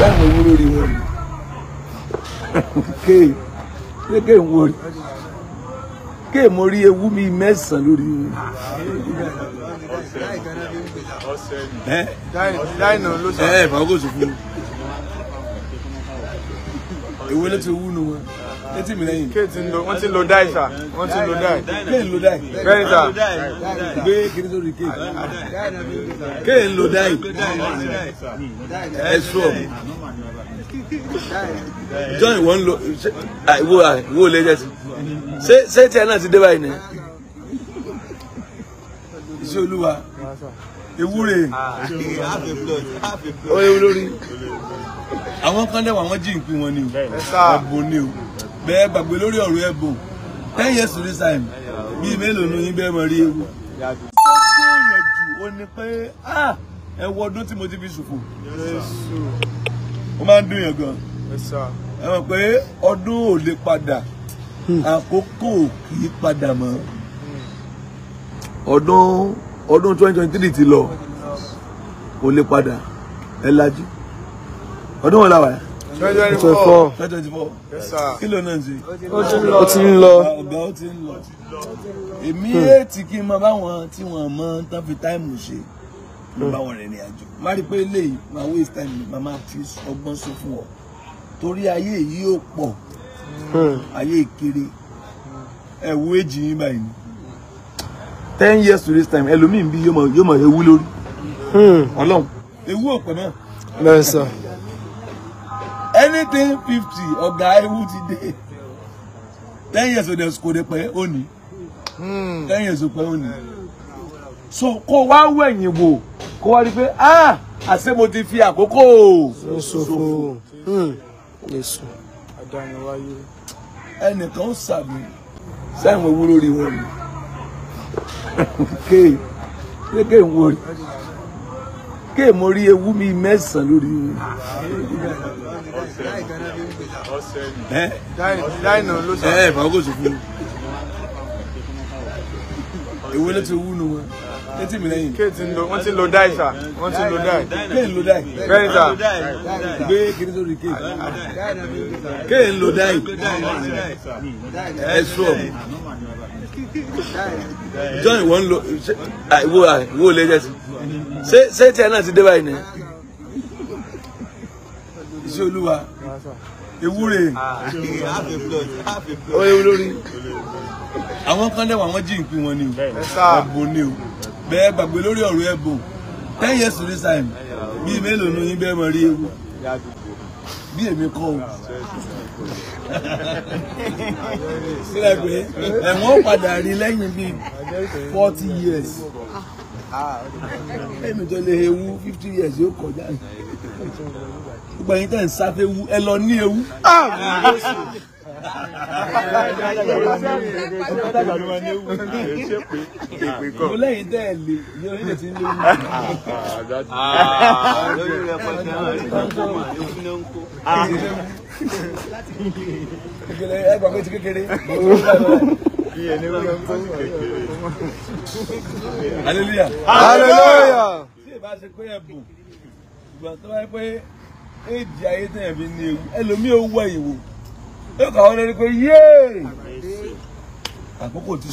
báwọn owó lórí wọn rí kéè kéè ń wọrí kéè mo rí ewu mi mẹ́sàn-án lórí wọn. ẹ ẹ fàákò sọ fún mi ewu ló ti wú nu wọn létí mi lẹ́yìn. kéètì ń lo wọ́n ti ń lo dáì sà wọ́n ti ń lo dáì. kéè ń lo dáì. bẹ́ẹ̀ sà gbé kiri sórí kéè. kéè ń lo dáì. ẹ sọ john ìwọ ń lo ìwọ ìwọ lè jẹ sí ṣé ṣé tí ẹ náà ti dé báyìí ni iṣẹ́ olúwa ewúre ó ewu àwọn kan dẹ̀ wà wọ́n jí ìpín wọn ni o ẹ̀bùn ni o bẹ́ẹ̀ gbàgbé lórí ọ̀rọ̀ ẹ̀bùn ten years to this time bíi mélòó nu yín bẹ́ẹ̀ mọ̀ rí ewu. ó yẹn jù ó ní pé ah, ẹ wọ ọdún tí mo ti fi ṣùkú ó máa ń dùn yàn gan ẹ mọ̀ pé ọdún ò lè padà hmm. àkókò kì í padà mọ́ hmm. ọdún ọdún twenty twenty three ti lọ kò lè padà ẹ lajú ọdún wọn làwà yẹn twenty four twenty four kí ló náà ṣe. ó ti ń lọ. ọ̀gá ó ti ń lọ. èmi hmm. èètì kí n máa báwọn tí wọ́n mọ tán fi táìmù ṣe báwọn rẹ̀ ní àjò má rí i pé eléyìí máa waste time mi máa fi ọgbọ́n sọ fún hmm. hmm. ten years to this time ẹlòmíín bí yóò mọ ewu lórí ọlọ́run ewu ò pẹ́ náà. lọ́sàn anything fifty ọ̀gá ewu ti dé ten years ọ̀dẹ̀ kò dé pẹ́ òní hmm. ten years pẹ́ òní so kó wá wẹ̀yìn wò kó wá rí pé ah àṣé mo ti fi àkókò ṣòfò hmm. ẹnìkan ó sàmì sẹ́wọ̀n owó lórí wọn ni kéè kéè ń wọrí ké mo rí ewu mi mẹ́sàn-án lórí mi. ẹ ẹ bàbá kò sọ fún mi ewu ló ti wú nu wọn létí mi lẹ́yìn. kéètì ń lo wọ́n ti ń lo dáì sà wọ́n ti ń lo dáì. kéè ń lo dáì. bẹ́ẹ̀ni sà. gbé kiri sórí kéè. kéè ń lo dáì. ẹ sọ mi. john ìwọ lo ìwọ lè sí ṣé ṣé tiẹ̀ náà ti dé báyìí ni iṣẹ́ olúwa ewúre ó ewu lórí àwọn kan dẹ̀wọ̀ àwọn jí ìpín wọn ni ẹ̀bùn ni o be gbàgbé lórí ọ̀rọ̀ ẹ̀bùn ten years to this time bí mélòó nu yín bẹ́ẹ̀ mọ̀ rí ewu bí èmi kọ́ o sílẹ̀ pé ẹ̀wọ̀n padà rí lẹ́yìn bíi forty years. Ah, èmi tó lè ewu fifty years yóò kọjá gbogbo ẹ̀yin tẹ́ ń sáfẹ́ ewu ẹ lọ ní ewu. Mo lẹ́yìn tẹ́ ẹ lè ní orílẹ̀ tí ń lé wù. Lórí ti kékeré hallelujah hallelujah tí ìbá ṣe pé ẹ̀bùn ìgbà tó wáyé pé éèdì ayé tẹ̀yẹ̀ fi ní ewu ẹlòmíì ó wọ ìwò ó kà wọ́n lórí pé yéè àkókò ti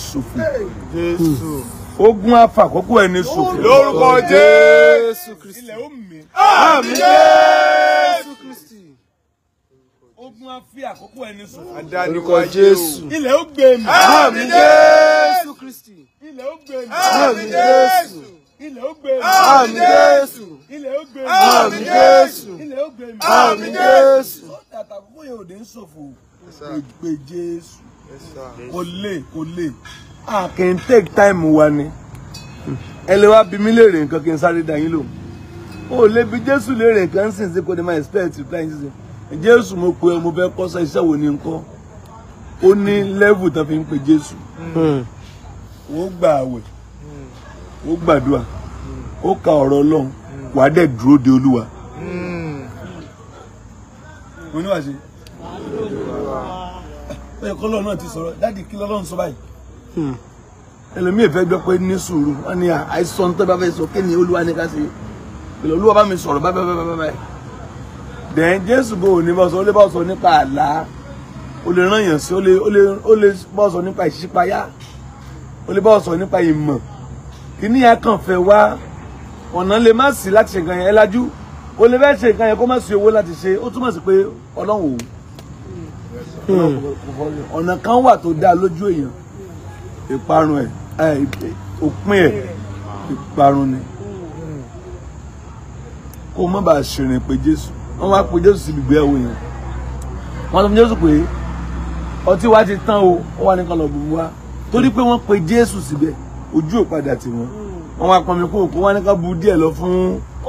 Jesus. ogun afa àkókò ẹni ṣòfò lórúkọ Jésù Kristi ilẹ̀ ó mì. àmín Jésù Kristi ogun á fi àkókò ẹni sùn. orúkọ jésù. ilẹ̀ ó gbé mi. àmì jésù kristi. ilẹ̀ ó gbé mi. àmì jésù. ilẹ̀ ó gbé mi. àmì jésù. ilẹ̀ ó gbé mi. àmì jésù. ilẹ̀ ó gbé mi. àmì jésù. sọ́dà àtàkùkọ yẹn ò ń ṣòfò. gbègbè jésù. kò lè kò lè. a kì í take time wa ni ẹ lè wá bí mi léèrè nǹkan kí n sáré dá yín lò ó lè bi jésù léèrè nǹkan ń sìn sí kò ní máa expect reply yín sí jésù mo pe mo fẹ́ kọ́sẹ́ iṣẹ́ wo ni n kọ́ ó ní lẹ́vù tó fi ń pe jésù hmm. ó gba àwẹ̀ ó gbàdúrà ó ka ọ̀rọ̀ ọlọ́run wà á dẹ̀ dúró de olúwa. Hmm. mo ní wàá ṣe ẹ kọ́lọ́ náà ti sọ̀rọ̀ dáàdi kí lọ́lọ́run sọ báyìí hmm. ẹlòmíì fẹ́ gbọ́ pé ní sùúrù wọ́n ní àìsàn tó bá fẹ́ sọ kí ni olúwa ní ká ṣe olúwa bá mi sọ̀rọ̀ báyìí báyìí báyìí then jésù bò ní bọ́sọ ó lè bọ́sọ nípa àlá ó lè rán yàn sí ó lè ó lè ó lè bọ́sọ nípa ìṣípayá ó lè bọ́sọ nípa ìmọ̀ kíní yẹn kàn fẹ́ wá ọ̀nà lè má sí láti ṣe nǹkan yẹn lájú ó lè fẹ́ ṣe nǹkan yẹn kó má sí owó láti ṣe ó túmọ̀ sí pé ọlọ́run òun ọ̀nà kan wà tó dá lójú èèyàn ìparun ẹ̀ òpin ẹ̀ ìparun ni kó má bàa ṣèrìn pé jésù wọ́n wá pe jésù síbi ìgbéyàwó yẹn wọ́n sọ fún jésù pé ọtí wa ti tán o ó wà nìkan lọ bùbù wa torí pé wọ́n pe jésù síbẹ̀ ojú ò padà tì wọ́n hmm. wọ́n wá pọnmi kó òkú wọ́n ní ká bu díẹ̀ lọ fún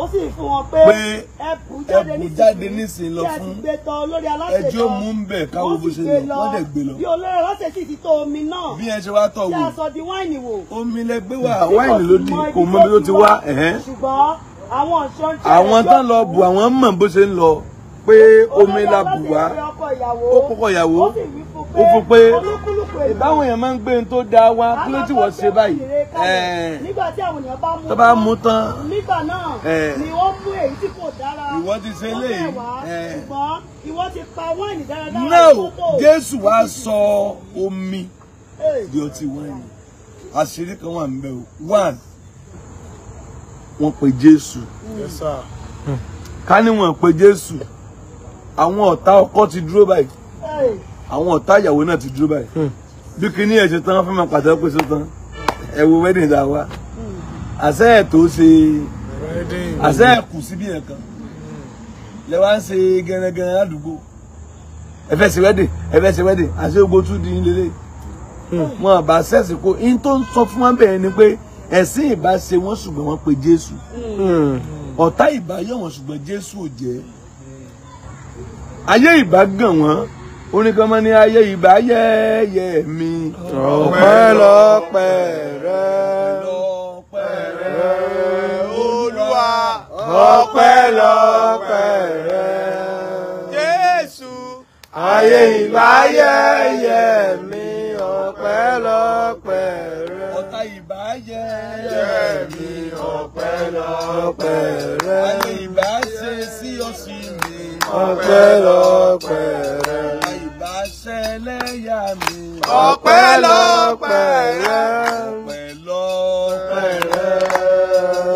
ó sì fún wọn pé ẹbù jáde nísìnyí lọ fún ẹjọ́ mú ń bẹ̀ káwọ́ bó ṣe lọ wọ́n dẹ̀ gbé lọ. bí olórí ọlọ́sẹ̀ sì ti tó omi náà bí ẹ ṣe wá tọ̀ wò omi lẹ gbé wá wáìnì ló di kò mọ bí ó ti wá. ṣùgbọ́n àwọn tán lọ bù àwọn mọ̀ bó ṣe ń lọ pé omi la bù wá ó kọ́kọ́ ìyàwó ó fún pé ìbáwọn èèyàn máa ń gbé tó da wa kí ló ti wọ́n ṣe báyìí tó bá mú tán nígbà náà ni wọ́n mú èyí tí kò dára ìwọ ti ṣe léyìí ṣùgbọ́n ìwọ ti pa wáìnì dáradára náà Jésù wá sọ omi di ọtí wáìnì àṣírí kan wà ń bẹ o one wọ́n pe Jésù hmm. ká ní wọ́n pe Jésù àwọn ọ̀tá ọkọ ti dúró báyìí àwọn ọ̀tá ìyàwó náà ti dúró báyìí hmm. bí kinní ẹ̀ ṣe tán fún mi pàtó pé ṣe tán ẹ wo wedding dá wa hmm. àṣẹ ẹ̀ tó ṣe àṣẹ ẹ̀ kù síbi ẹ̀ kan lẹ wá ń ṣe gẹrẹgẹrẹ ládùúgbò ẹ fẹ́ ṣe wedding ẹ fẹ́ ṣe wedding àṣẹ ogbó tún di nílé wọn àbá ṣẹ́ẹ̀sì kó in tó ń sọ fún wọn bẹ́ẹ̀ ni pé ẹ̀sìn ìbá ṣe wọ́n ṣùgbọ́n wọ́n pe Jésù hmm. ọ̀tá ìbá yọ̀ wọ́n ṣùgbọ́n Jésù ò jẹ́ ayé ìbá gàn wọ́n oníkan mọ́ ní ayé ìbá yẹ́yẹ́ mi ọpẹ́ lọ́pẹ́ rẹ lọ́pẹ́ rẹ Olúwa ọpẹ́ lọ́pẹ́ rẹ Jésù ayé ìbá yẹ́yẹ́ mi ọpẹ́ lọ́pẹ́ rẹ jẹ́ mi ọpẹ́lọpẹ́ rẹ. àyìnbá ṣe sí ọ̀sìn mi ọpẹ́lọpẹ́ rẹ. àyìnbá ṣẹlẹ́yà mi ọpẹ́lọpẹ́ rẹ. ọpẹ́lọpẹ́ rẹ.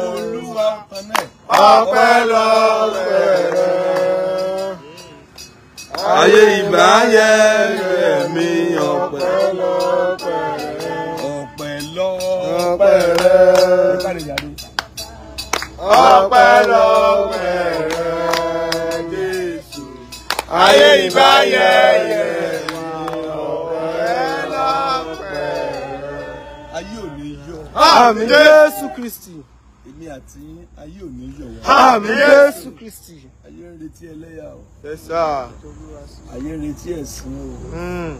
olúwa ọ̀tánẹ̀. ọpẹ́lọpẹ́ rẹ. ayé ìbá yẹ. ọpẹ́lọpẹ́ rẹ Jésù ayé ìbáyẹyẹ ọpẹ́lọpẹ́ rẹ. ayé ò ní yọ. àmín Jésù Kristi. èmi àti ayé ò ní yọ wá. àmín Jésù Kristi. ayé ń retí ẹlẹ́yà o. ẹ sá. ayé ń retí ẹ̀sìn o. Hmm.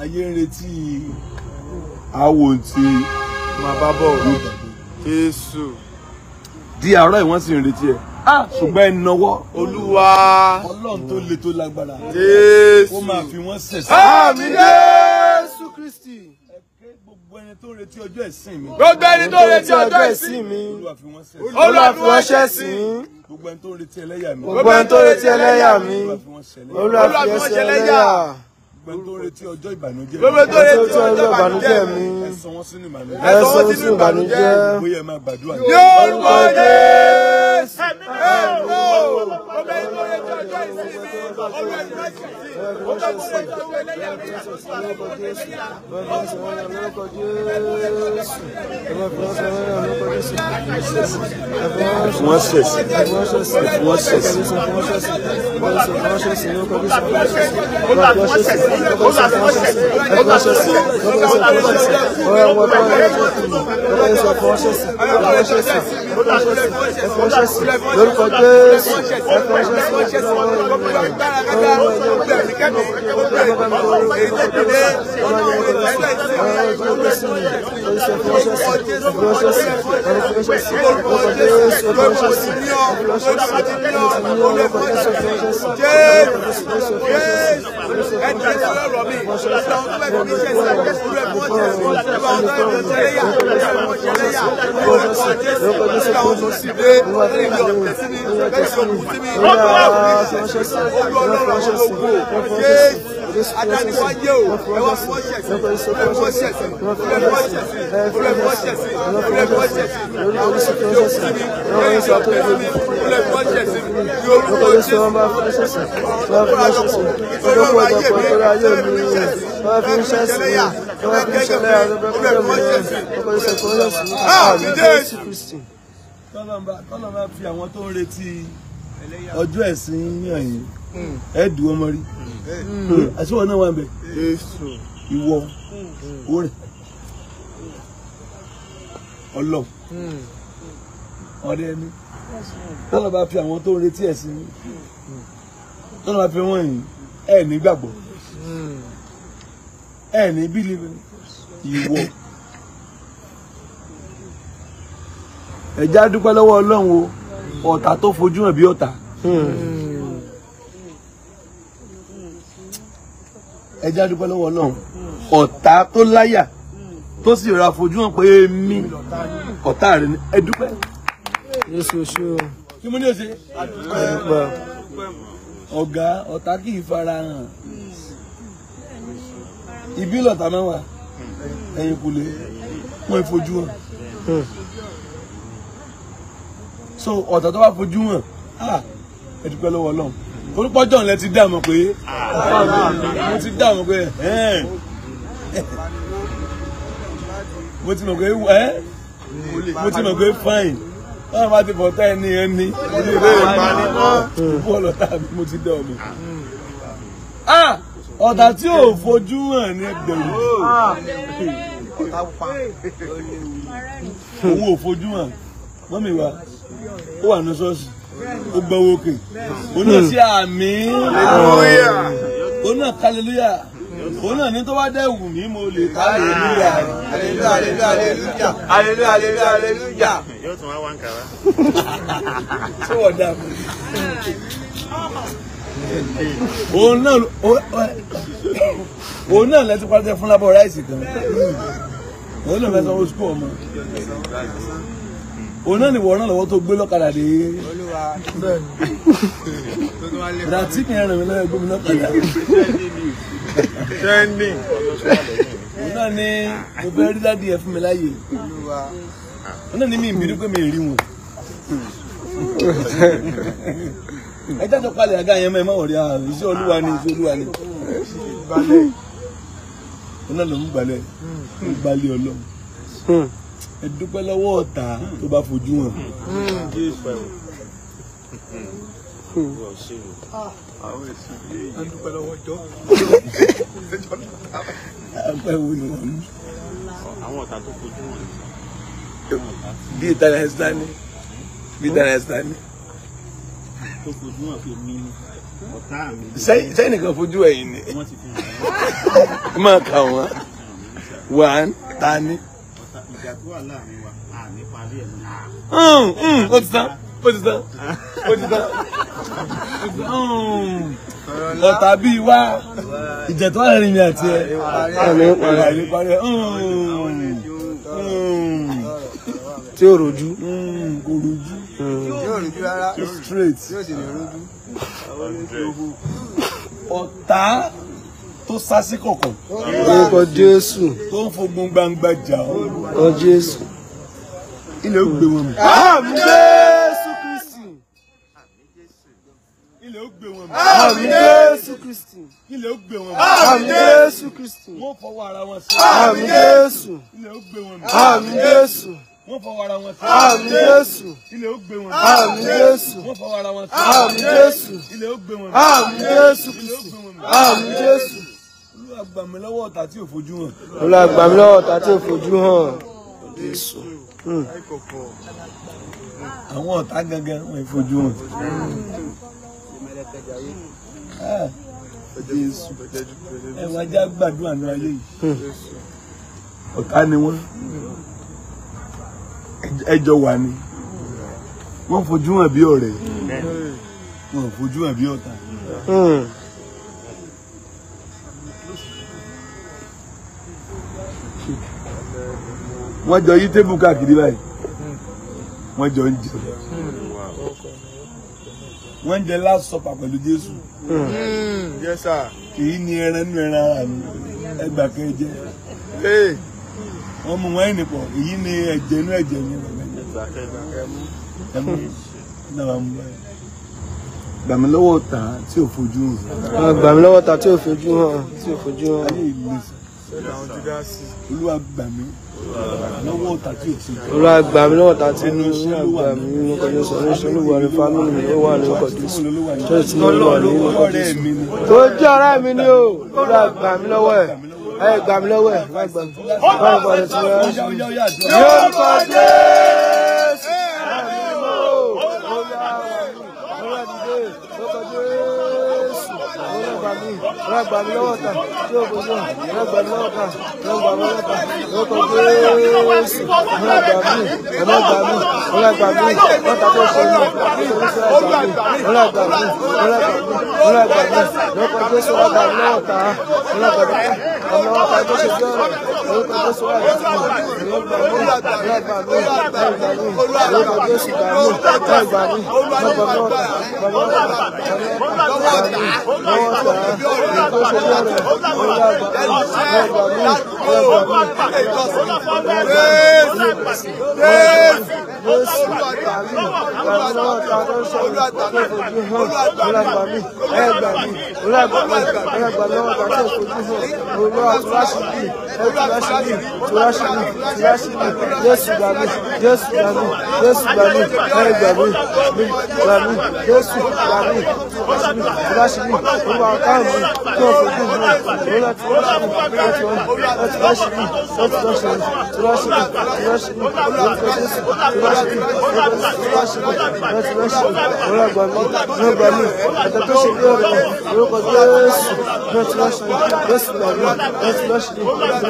ayé ń retí àwọn tí. bọ̀ wọ́n. Jésù di àárọ̀ ìwọ́n sì ń retí ẹ ah. ṣùgbọ́n ẹ nọwọ́ olúwa ọlọ́run tó le tó lágbára jésù ó máa fi wọ́n ṣẹ̀ṣẹ̀. àmì jésù kristi gbogbo ẹni tó retí ọjọ́ ìsìn mi. gbogbo ẹni tó retí ọjọ́ ìsìn mi. olúwa fi wọ́n ṣẹ̀sìn. gbogbo ẹni tó retí ẹlẹ́yà mi. gbogbo ẹni tó retí ẹlẹ́yà mi. olúwa fi wọ́n ṣẹlẹ́yà gbogbo tó retí ọjọ́ ìbànújẹ́ gbogbo tó retí ọjọ́ ìbànújẹ́ mi ẹ sọ sínú ìbànújẹ́ bóyá ẹ máa gbàdúrà ní orúkọ Jésù ẹ̀mí mi ò ọmọ ìlú retí ọjọ́ ìsinmi. Avance, avance, avance, avance, lórúkọ jésù le Ah, adani wa ye kọ́lọ́mbà fi àwọn tó ń retí ọjọ́ ẹ̀sìn yàn yín hmm. ẹ̀ẹ́dù ọmọ rí hmm. hmm. àṣìwọ̀n náà wà ń bẹ̀ ìwọ orin ọlọ́ọ̀ ọ̀rẹ́ ẹni kọ́lọ́mbà fi àwọn tó ń retí ẹ̀sìn kọ́lọ́mbà fi wọ́n yìí ẹ̀ nígbàgbọ́ ẹ̀ ní bílíbi ìwọ. ẹ̀já dúpẹ́ lọ́wọ́ ọlọ́run o ọ̀tá tó fojú hàn bí ọ̀tá. ẹ̀já dúpẹ́ lọ́wọ́ ọlọ́run ọ̀tá tó láyà tó sì ra fojú hàn pé èmi ọ̀tá rẹ̀ ni ẹ dúpẹ́. yéṣu oṣù o. kí mo ní o ṣe. ọ̀gá ọ̀tá kì í fara hàn ibi lọ̀tá máa wà ẹ̀yìn kùlé wọ́n fojú hàn. Hmm so ọ̀tá tó bá fojú hàn ah ẹ dúpẹ́ lọ́wọ́ ọlọ́run orúkọ john lẹ ti dá mọ̀ pé mo ti dá mọ̀ pé mo ti mọ̀ pé ẹ́ mo ti mọ̀ pé fine wọ́n bá ti bọ̀tá ẹni ẹni mo ti rẹ̀ bọ́ọ̀lù tàbí mo ti dá ọmọ ah, ọ̀tá tí ò fojú hàn ní ẹgbẹ̀rún òun ò fojú hàn mọ́mí wa ó wà ní ṣọ́ọ̀ṣì ó gbọ́ wókè òun náà sí àmì òun náà kálílúyà òun náà ní tó bá dẹ̀ wù mí mo lè ká aleluya aleluya aleluya aleluya aleluya. yóò tún wá wá nkàrà. ṣé wọ́n dà mí. òun náà òun náà lẹ́tí pàtẹ́ fún lábọ̀ ráìsì kan òun náà fẹ́ sanwó sukú ọmọ òun náà ni wọ́n lọ́wọ́ tó gbé lọ́kadà dé. olúwa bẹ́ẹ̀ ni ràtí ni ẹran mi lọ́wọ́ gbé mi lọ́kadà. sẹ́ndì òun náà ni mo fẹ́ rí dádì ẹ̀ fún mi láàyè òun náà ni mi ìbínú pé mi rí wọn. ẹ jájọ palẹ̀ àga yẹn mọ́ ẹ má wọ̀rí ààrùn ah, iṣẹ́ olúwa ni iṣẹ́ olúwa ni. òun náà ló ń gbalẹ̀ ń gbalẹ̀ ọlọ́run. Hmm ẹ dúpẹ́ lọ́wọ́ ọ̀tá tó bá fojú wọn. àpẹ wo ni wọn mú. àwọn ọ̀tá tó fojú wọn. bí ìtara ẹ̀ sá ni bí ìtara ẹ̀ sá ni. tó fojú wọn fi mí ọ̀tá mi. sẹ́yìn nìkan fojú ẹ̀yìn ni. máa kà wọ́n wà á ìjà tó wà láàrin wa à ní parí ẹ̀ lónìí. Hmm, hmm, ó ti tán ó ti tán ó ti tán hmm, ọ̀tá bíi wá ìjà tó wà láàrin mi àti ẹ̀ tí ò rojú kò rojú straight yóò tó sásìkò kù. orúkọ jésù. tó ń fogun gbangba jà ọ́. orúkọ jésù. ilẹ̀ ó gbé wọn mì. àmì jésù kristi. ilẹ̀ ó gbé wọn mì. àmì jésù kristi. ilẹ̀ ó gbé wọn mì. àmì jésù kristi. wọ́n fọwọ́ ara wọn sí. àmì jésù. ilẹ̀ ó wọn mì. àmì jésù wọ́n fọwọ́ ara wọn sí. àmín jésù. ilé ó gbé wọn. àmín jésù. wọ́n fọwọ́ ara wọn sí. àmín jésù. ilé ó gbé wọn. àmín jésù. ilé ó gbé wọn. àmín jésù gbà mí lọ́wọ́ ọ̀tá tí ò fojú hàn. olúwa gbà mí lọ́wọ́ ọ̀tá tí ò fojú hàn. àwọn ọ̀tá gangan wọn ì fojú hàn. Ah. ẹ wá já gbàdúrà ní ayé yìí ọ̀tá ni wọ́n ẹjọ́ wà ni wọ́n fojú hàn bí ọ̀rẹ́ wọn fojú hàn bí ọ̀tá. Hmm. wọ́n jọ yí tébù káàkiri báyìí wọ́n jọ ń jẹ wọ́n jẹ last supper pẹ̀lú Jésù kì í ní ẹran nínú ẹran ara mi ẹgbà kan jẹ wọ́n mú wọ́n ẹnì pọ̀ èyí ni ẹ̀jẹ̀ inú ẹ̀jẹ̀ mi ẹ̀mú náà mú báyìí gbàmí ta tí ò fojú hàn. gbàmí ta tí ò fojú hàn olúwa gbà mí lọ́wọ́ ọ̀tá tí o ti jẹ́. olúwa gbà mí lọ́wọ́ ọ̀tá tí inú olúwa gbà mí inú kan ní sọ̀rọ̀ ìṣẹ́ olúwa rẹ̀ fámìlì mi olúwa rẹ̀ ọkọ̀ tí sùn tó ti ní olúwa rẹ̀ ọkọ̀ tí sùn. tó jẹ́ ọ̀rẹ́ mi ni o olúwa gbà mí lọ́wọ́ ẹ̀ ẹ̀ gbà mí lọ́wọ́ ẹ̀ wá gbà mí. wọ́n gbà mí lọ́wọ́ ẹ̀ yóò kọ́ dé. wọ́n gbà mí lọ́wọ́ ta tí o bójú hàn wọ́n gbà mí lọ́wọ́ ta wọ́n gbà mí lọ́wọ́ ta wọ́n kọ́ Jésù wọ́n gbà mí wọ́n gbà mí wọ́n gbà mí wọ́n ta kó sọ yìí wọ́n gbà mí wọ́n gbà mí wọ́n gbà mí wọ́n gbà mí lọ́kọ̀ Jésù wọ́n gbà mí lọ́wọ́ ta wọ́n gbà mí. Yes! Yes! Jésù àtàlù ìgbàlọ́ àtàlù sọ̀rọ̀ àtàlù fojú hàn ọlọ́gbà mi ẹgbà mi ọlọ́gbà mi ẹgbà lọ́wọ́ àtàlù fojú hàn olúwa aláṣíbí turaṣini turaṣini turaṣini Jésù gbàmí Jésù gbàmí Jésù gbàmí ẹ gbàmí mi gbàmí Jésù gbàmí turaṣini turaṣini olúwa káàmù kí o fojú mi olúwa turaṣini láti ọ̀nà láti turaṣini láti turaṣini turaṣini turaṣini olùkọ́ Jésù turaṣini turaṣini láti turaṣini olúwa gbàmí olúwa gbàmí ẹ̀tọ́ tó ṣe bí ọ̀rẹ́ olùkọ́ Jésù turaṣini Jésù gbàmí láti turaṣini.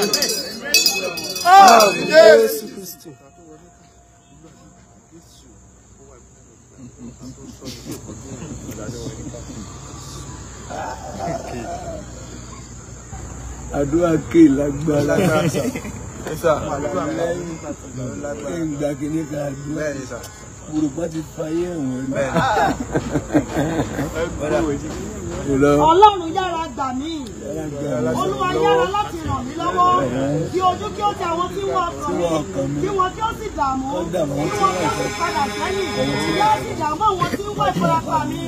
Àmín Jésù Kristi. àdúrà ké lágbára ẹ gbà kí ní ká àdúrà. Yorùbá ti fa ayé ẹ̀wọ̀n rí. Ọlọ́run yára gbà mí. Olúwa yára láti ràn mí lọ́wọ́. Kí ojú kí ó ti àwọn tí wọ́n kàn mí. Kí wọ́n kí ó sì dààmú. Kí wọ́n kí ó sì padà sẹ́yìn. Kí wọ́n sì dààmú àwọn tí ń ìfarapa mi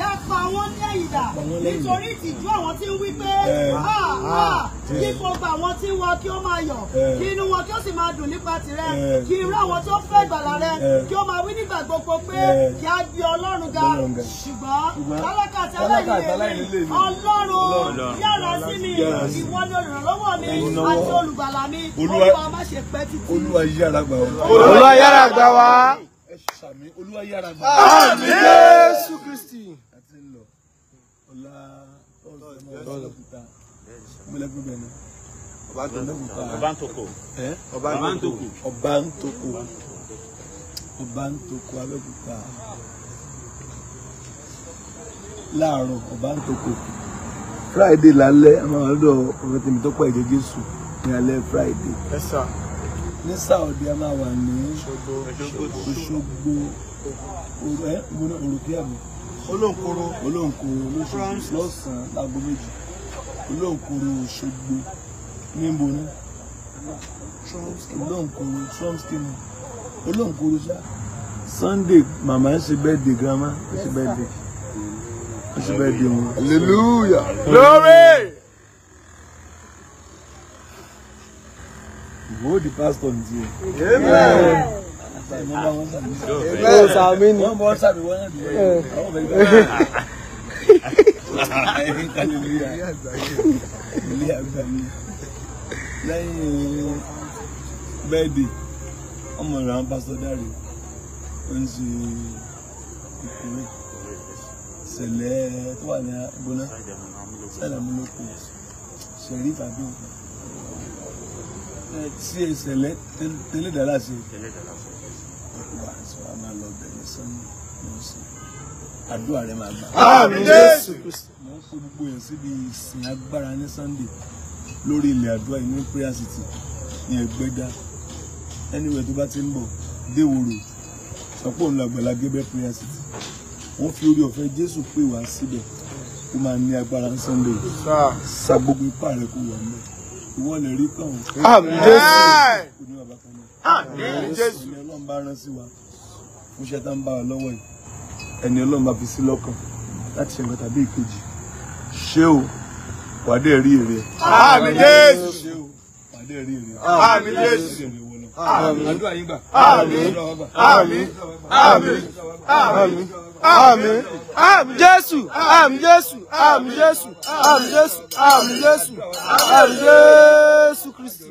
yá pa wọ́n lẹ́yìn dà nítorí ìtìjú àwọn tí ń wí pé kí eh. ah, ah, ah, eh. gbogbo àwọn tí wọn kí ó máa yọ̀ eh. kí inú wọn kí ó sì máa dùn nípa tìrẹ kí irú àwọn tó fẹ́ ìgbàlà rẹ kí ó máa wí nígbà gbogbo pé kí á gbé ọlọ́run ga ṣùgbọ́n tálákà tí aláìní lè rí ọlọ́run sí mi ìwọ ni olùrànlọ́wọ́ mi àti olùgbàlà mi olúwa má ṣe pẹ́ títí. olúwa yára gbà wá. olúwa yára gbà wá ẹ ṣàmì olúwa yára gbà. àmín jésù kristi. a lọ ọlá ọlọpìta mọlẹbí bẹni. ọba ń toko láàárọ̀ ọba friday lálẹ́ àwọn ọ̀dọ́ ọ̀rẹ́ tèmi tó jésù ní alẹ́ friday. ẹ sà ní Saudi a máa wà ní Òṣogbo òrùkíà mi olóńkoro lọ́sàn-án láago méjì olóńkoro Òṣogbo níbo ni olóńkoro trumpstone olóńkoro ṣá Sunday Mama, ń ṣe bẹ́ẹ̀dì grandma ń ṣe bẹ́ẹ̀dì ń wọn. hallelujah glory. mo di pastor n ti o. yóò sàmì ni. wọ́n bọ́ sàmì wọ́n náà dùn ẹ́ àwọn bẹ̀rẹ̀ bẹ́ẹ̀ ilé àgbà mi lẹ́yìn bẹ́ẹ̀dì ọmọ ìran pásítọ̀ dáre ó ń ṣe ìkórè ṣẹlẹ̀ tó wà ní agbóná sẹ́lẹ̀ múlòkù ṣẹ̀rí tàbí òkú. Eh, sí ìṣẹ̀lẹ̀ tẹ́lẹ̀ dàlá sí. tẹ́lẹ̀ dàlá sí. wà á sọ àmà lọ bẹ̀rẹ̀ sọ́nù lọ sí àdúrà rẹ mo ń kó gbogbo yẹn síbi ìsìn agbára ní Sunday lórí ilẹ̀ àdúrà inú prayer city ní Ẹgbẹ́dá anywhere tó bá ti ń bọ̀ déwòrò sọpọ̀ òun làgbàlá gẹ́gẹ́ prayer city wọ́n fi orí ọ̀fẹ́ Jésù pè wá síbẹ̀ ó máa ní agbára ní Sunday sa gbogbo ipá rẹ kó wà níbẹ̀ ìwọ lè rí kàn ó. àmín jésù. òní bàbá kan náà. àmín jésù. ẹni ọlọ́run bá rán sí wa mo tá ń bá wa lọ́wọ́ yìí ẹni ọlọ́run bá fi sí lọ́kàn láti ṣe nǹkan tàbí ìkejì ṣé o wàá dé rí èrè. àmín jésù. ṣé o wàá dé rí èrè. àmín jésù àmín àmín àmín àmín àmín àmín àmín Jésù àmín Jésù àmín Jésù àmín Jésù àmín Jésù àmín Jésù Kristi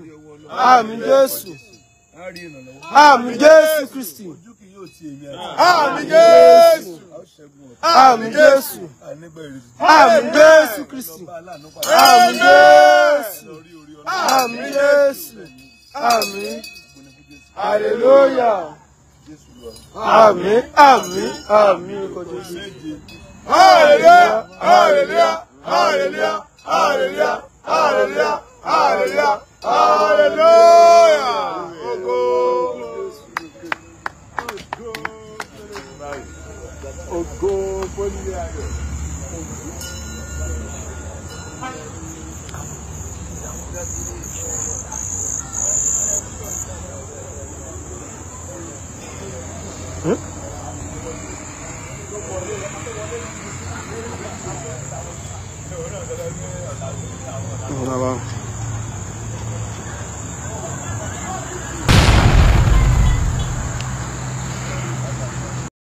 àmín Jésù àmín Jésù Kristi àmín Jésù àmín Jésù àmín Jésù Kristi àmín Jésù àmín Jésù hallelujah Amen. Amen. Amen. hallelujah hallelujah hallelujah.